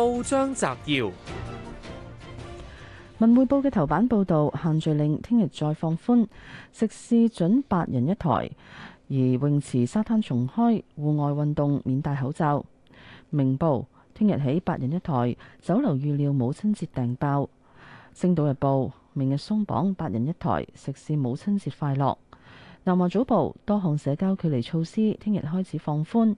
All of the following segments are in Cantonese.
報章摘要：文匯報嘅頭版報道限聚令聽日再放寬，食肆准八人一台；而泳池、沙灘重開，戶外運動免戴口罩。明報聽日起八人一台，酒樓預料母親節訂爆。星島日報明日鬆綁八人一台，食肆母親節快樂。南華早報多項社交距離措施聽日開始放寬。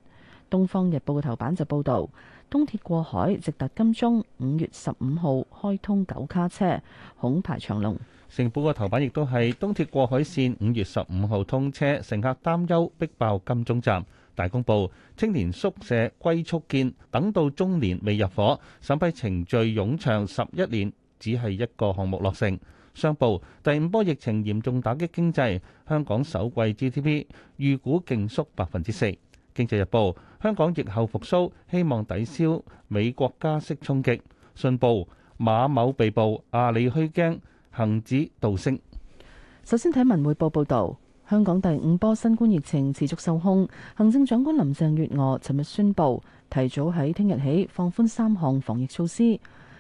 東方日報嘅頭版就報道。東鐵過海直達金鐘，五月十五號開通九卡車，恐排長龍。成報嘅頭版亦都係東鐵過海綫五月十五號通車，乘客擔憂逼爆金鐘站。大公報：青年宿舍龜速建，等到中年未入伙，審批程序冗長十一年，只係一個項目落成。商報：第五波疫情嚴重打擊經濟，香港首季 GDP 預估勁縮百分之四。《經濟日報》香港疫後復甦，希望抵消美國加息衝擊。信報馬某被捕，阿里虛驚，恆指倒升。首先睇文匯報報導，香港第五波新冠疫情持續受控。行政長官林鄭月娥尋日宣布，提早喺聽日起放寬三項防疫措施，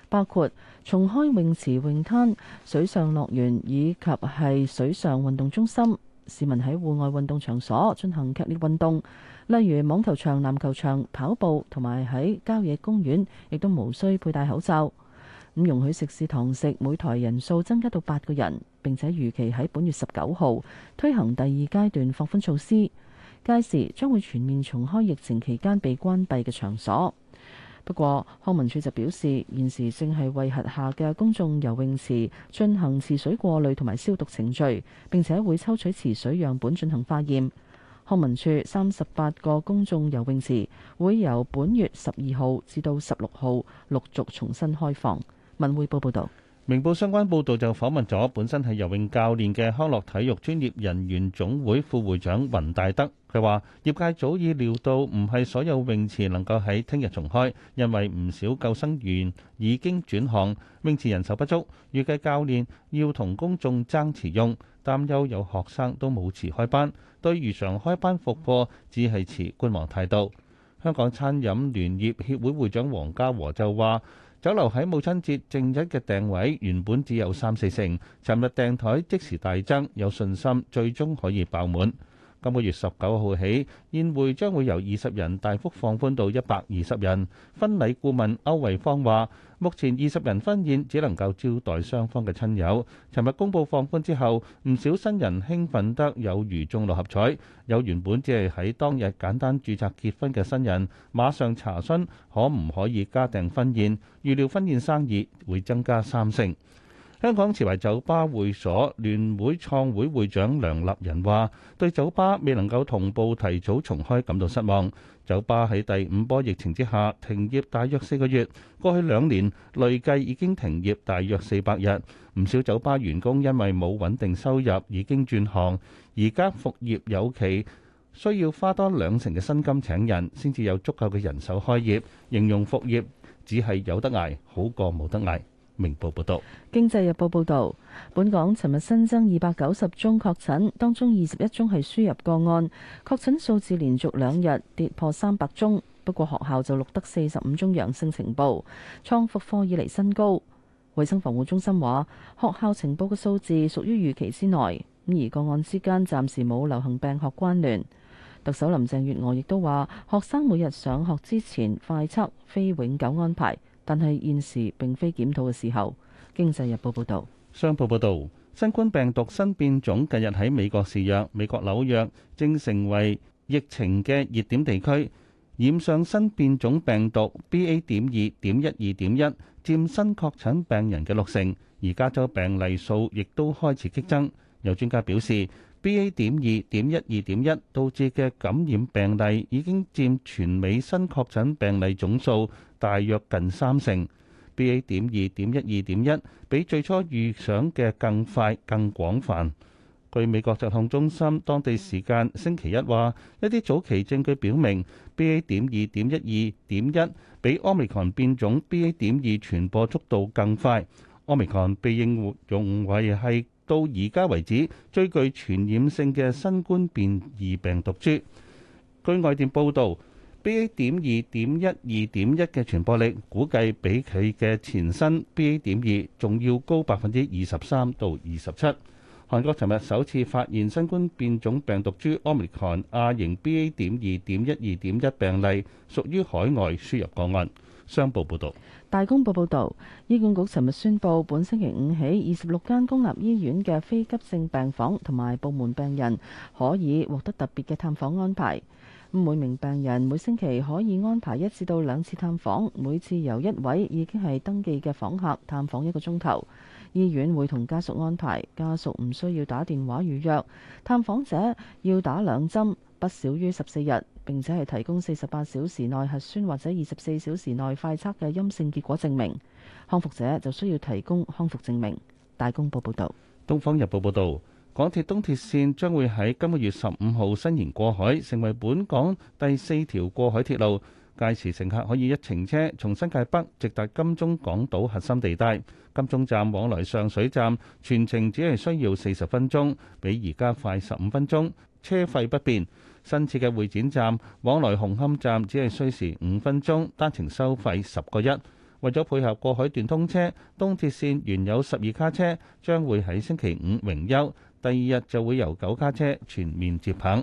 包括重開泳池、泳灘、水上樂園以及係水上運動中心。市民喺戶外運動場所進行劇烈運動。例如網球場、籃球場、跑步同埋喺郊野公園，亦都無需佩戴口罩。咁容許食肆堂食每台人數增加到八個人。並且預期喺本月十九號推行第二階段放寬措施，屆時將會全面重開疫情期間被關閉嘅場所。不過康文署就表示，現時正係為轄下嘅公眾游泳池進行池水過濾同埋消毒程序，並且會抽取池水樣本進行化驗。康文署三十八個公眾游泳池會由本月十二號至到十六號陸續重新開放。文匯報報道。明報相關報導就訪問咗本身係游泳教練嘅康樂體育專業人員總會副會長雲大德，佢話業界早已料到唔係所有泳池能夠喺聽日重開，因為唔少救生員已經轉行，泳池人手不足，預計教練要同公眾爭池用，擔憂有學生都冇池開班，對如常開班復課只係持觀望態度。香港餐飲聯業協會會長黃家和就話。酒樓喺母親節正日嘅訂位原本只有三四成，尋日訂台即時大增，有信心最終可以爆滿。今個月十九號起，宴會將會由二十人大幅放寬到一百二十人。婚禮顧問歐維芳話：目前二十人婚宴只能夠招待雙方嘅親友。尋日公佈放寬之後，唔少新人興奮得有如中六合彩，有原本只係喺當日簡單註冊結婚嘅新人，馬上查詢可唔可以加訂婚宴，預料婚宴生意會增加三成。香港持牌酒吧會所聯會創會會長梁立仁話：對酒吧未能夠同步提早重開感到失望。酒吧喺第五波疫情之下停業大約四個月，過去兩年累計已經停業大約四百日。唔少酒吧員工因為冇穩定收入已經轉行，而家復業有期，需要花多兩成嘅薪金請人先至有足夠嘅人手開業。形容復業只係有得捱，好過冇得捱。明報報導，《經濟日報》報導，本港尋日新增二百九十宗確診，當中二十一宗係輸入個案，確診數字連續兩日跌破三百宗。不過學校就錄得四十五宗陽性情報，創復課以嚟新高。衛生防護中心話，學校情報嘅數字屬於預期之內，咁而個案之間暫時冇流行病學關聯。特首林鄭月娥亦都話，學生每日上學之前快測非永久安排。但係現時並非檢討嘅時候。經濟日報報導，商報報導，新冠病毒新變種近日喺美國肆虐，美國紐約正成為疫情嘅熱點地區，染上新變種病毒 B A 點二點一二點一佔新確診病人嘅六成，而加州病例數亦都開始激增。有專家表示。B. A. 點二點一二點一導致嘅感染病例已經佔全美新確診病例總數大約近三成。B. A. 點二點一二點一比最初預想嘅更快更廣泛。據美國疾控中心當地時間星期一話，一啲早期證據表明 B. A. 點二點一二點一比奧密克戎變種 B. A. 點二傳播速度更快。奧密克戎被認活用為係。到而家為止，最具傳染性嘅新冠變異病毒株。據外電報導，BA. 點二點一二點一嘅傳播力估計比佢嘅前身 BA. 點二仲要高百分之二十三到二十七。韓國尋日首次發現新冠變種病毒株 Omicron 亞型 BA. 點二點一二點一病例，屬於海外輸入個案。商報報導，大公報報導，醫管局尋日宣布，本星期五起，二十六間公立醫院嘅非急性病房同埋部門病人可以獲得特別嘅探訪安排。每名病人每星期可以安排一次到兩次探訪，每次由一位已經係登記嘅訪客探訪一個鐘頭。醫院會同家屬安排，家屬唔需要打電話預約。探訪者要打兩針，不少於十四日，並且係提供四十八小時內核酸或者二十四小時內快測嘅陰性結果證明。康復者就需要提供康復證明。大公報報道，《東方日報》報道，港鐵東鐵線將會喺今個月十五號伸延過海，成為本港第四條過海鐵路。屆時乘客可以一程車從新界北直達金鐘港島核心地帶，金鐘站往來上水站，全程只係需要四十分鐘，比而家快十五分鐘，車費不變。新設嘅會展站，往來紅磡站只係需時五分鐘，單程收費十個一。為咗配合過海段通車，東鐵線原有十二卡車將會喺星期五榮休，第二日就會由九卡車全面接棒。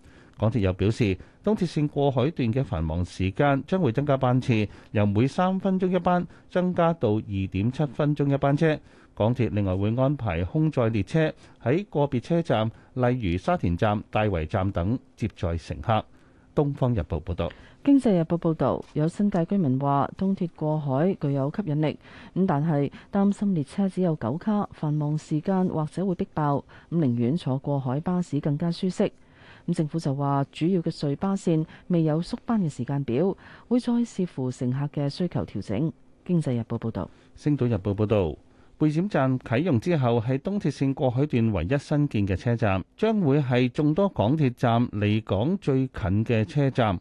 港鐵又表示，東鐵線過海段嘅繁忙時間將會增加班次，由每三分鐘一班增加到二點七分鐘一班車。港鐵另外會安排空載列車喺個別車站，例如沙田站、大圍站等接載乘客。《東方日報》報導，《經濟日報》報導，有新界居民話，東鐵過海具有吸引力，咁但係擔心列車只有九卡，繁忙時間或者會逼爆，咁寧願坐過海巴士更加舒適。政府就話，主要嘅隧巴線未有縮班嘅時間表，會再視乎乘客嘅需求調整。經濟日報報道，星島日報報道，會展站啟用之後係東鐵線過海段唯一新建嘅車站，將會係眾多港鐵站離港最近嘅車站。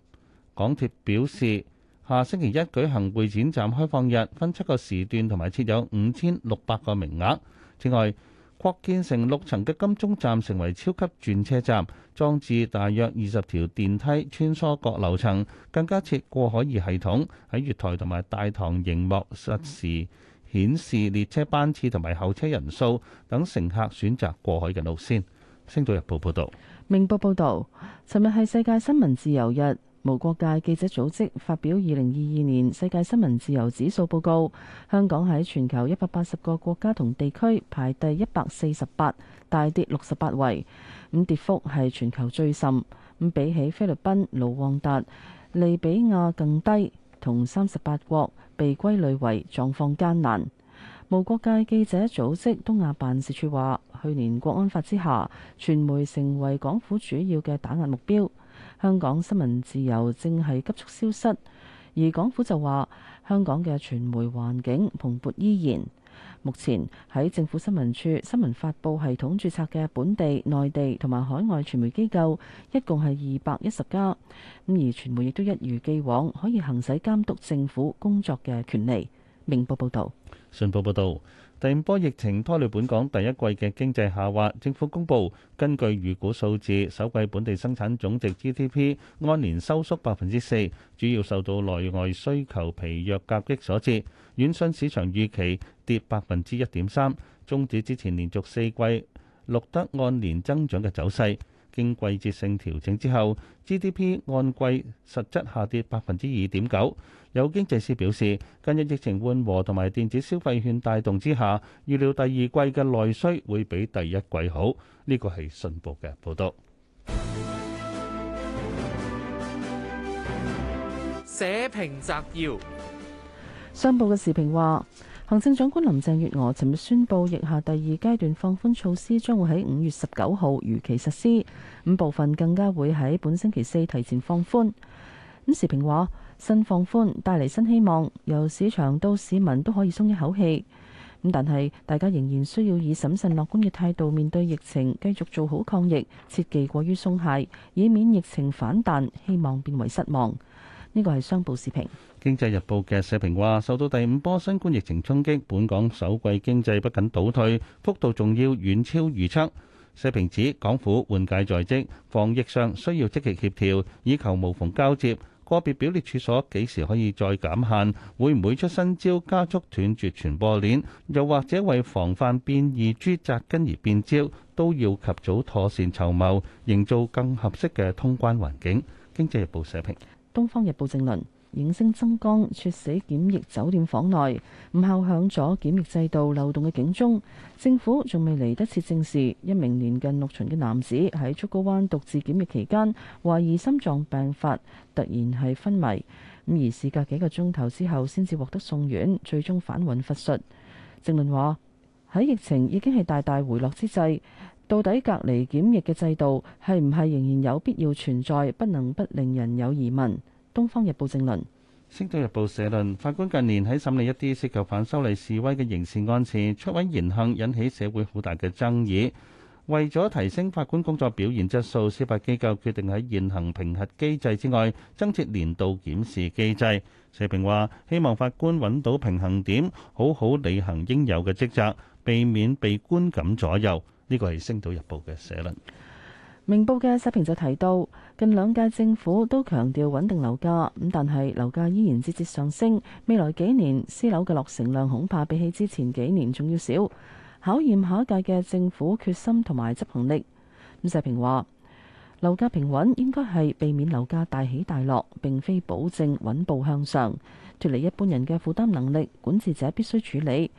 港鐵表示，下星期一舉行會展站開放日，分七個時段同埋設有五千六百個名額。此外擴建成六層嘅金鐘站成為超級轉車站，裝置大約二十條電梯，穿梭各樓層，更加設過海儀系統喺月台同埋大堂熒幕實時顯示列車班次同埋候車人數等，乘客選擇過海嘅路線。星島日報報道，明報報道，尋日係世界新聞自由日。無國界記者組織發表二零二二年世界新聞自由指數報告，香港喺全球一百八十個國家同地區排第一百四十八，大跌六十八位，咁跌幅係全球最甚。咁比起菲律賓、盧旺達、利比亞更低，同三十八國被歸類為狀況艱難。無國界記者組織東亞辦事處話，去年國安法之下，傳媒成為港府主要嘅打壓目標。香港新聞自由正係急速消失，而港府就話香港嘅傳媒環境蓬勃依然。目前喺政府新聞處新聞發佈系統註冊嘅本地、內地同埋海外傳媒機構，一共係二百一十家。咁而傳媒亦都一如既往可以行使監督政府工作嘅權利。明報報道。信報報導。第五波疫情拖累本港第一季嘅經濟下滑。政府公布根據預估數字，首季本地生產總值 GDP 按年收縮百分之四，主要受到內外需求疲弱夾擊所致。遜於市場預期跌百分之一點三，終止之前連續四季錄得按年增長嘅走勢。經季節性調整之後，GDP 按季實質下跌百分之二點九。有經濟師表示，近日疫情緩和同埋電子消費券帶動之下，預料第二季嘅內需會比第一季好。呢個係信報嘅報道。社評摘要，商報嘅時評話。行政長官林鄭月娥尋日宣布，疫下第二階段放寬措施將會喺五月十九號如期實施，咁部分更加會喺本星期四提前放寬。咁時評話，新放寬帶嚟新希望，由市場到市民都可以鬆一口氣。咁但係大家仍然需要以審慎樂觀嘅態度面對疫情，繼續做好抗疫，切忌過於鬆懈，以免疫情反彈，希望變為失望。呢個係商報時評。經濟日報嘅社評話：受到第五波新冠疫情衝擊，本港首季經濟不僅倒退，幅度仲要遠超預測。社評指港府換屆在即，防疫上需要積極協調，以求無縫交接。個別表列處所幾時可以再減限？會唔會出新招加速斷絕傳播鏈？又或者為防範變異株紮根而變招，都要及早妥善籌謀，營造更合適嘅通關環境。經濟日報社評，東方日報正論。影星曾江猝死檢疫酒店房內，唔巧響咗檢疫制度漏洞嘅警鐘。政府仲未嚟得切正視，一名年近六旬嘅男子喺竹篙灣獨自檢疫期間，懷疑心臟病發，突然係昏迷。咁而事隔幾個鐘頭之後，先至獲得送院，最終返魂乏術。正論話：喺疫情已經係大大回落之際，到底隔離檢疫嘅制度係唔係仍然有必要存在，不能不令人有疑問。《東方日報》正論，《星島日報》社論：法官近年喺審理一啲涉及反修例示威嘅刑事案時，出位言行引起社會好大嘅爭議。為咗提升法官工作表現質素，司法機構決定喺現行評核機制之外，增設年度檢視機制。社評話：希望法官揾到平衡點，好好履行應有嘅職責，避免被觀感左右。呢個係《星島日報》嘅社論。明報嘅社評就提到，近兩屆政府都強調穩定樓價，咁但係樓價依然節節上升。未來幾年私樓嘅落成量恐怕比起之前幾年仲要少，考驗下一屆嘅政府決心同埋執行力。咁社評話：樓價平穩應該係避免樓價大起大落，並非保證穩步向上。脫離一般人嘅負擔能力，管治者必須處理，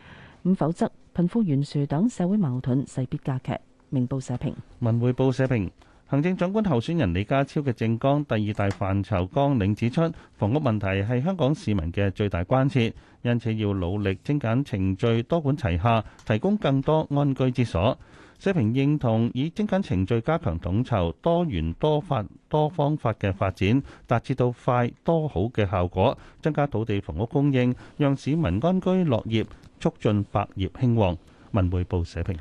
咁否則貧富懸殊等社會矛盾勢必加劇。明報社評。文匯報社評，行政長官候選人李家超嘅政綱第二大範疇，綱領指出，房屋問題係香港市民嘅最大關切，因此要努力精簡程序、多管齊下，提供更多安居之所。社評認同以精簡程序加強統籌，多元多法多方法嘅發展，達至到快多好嘅效果，增加土地房屋供應，讓市民安居樂業，促進百業興旺。文匯報社評。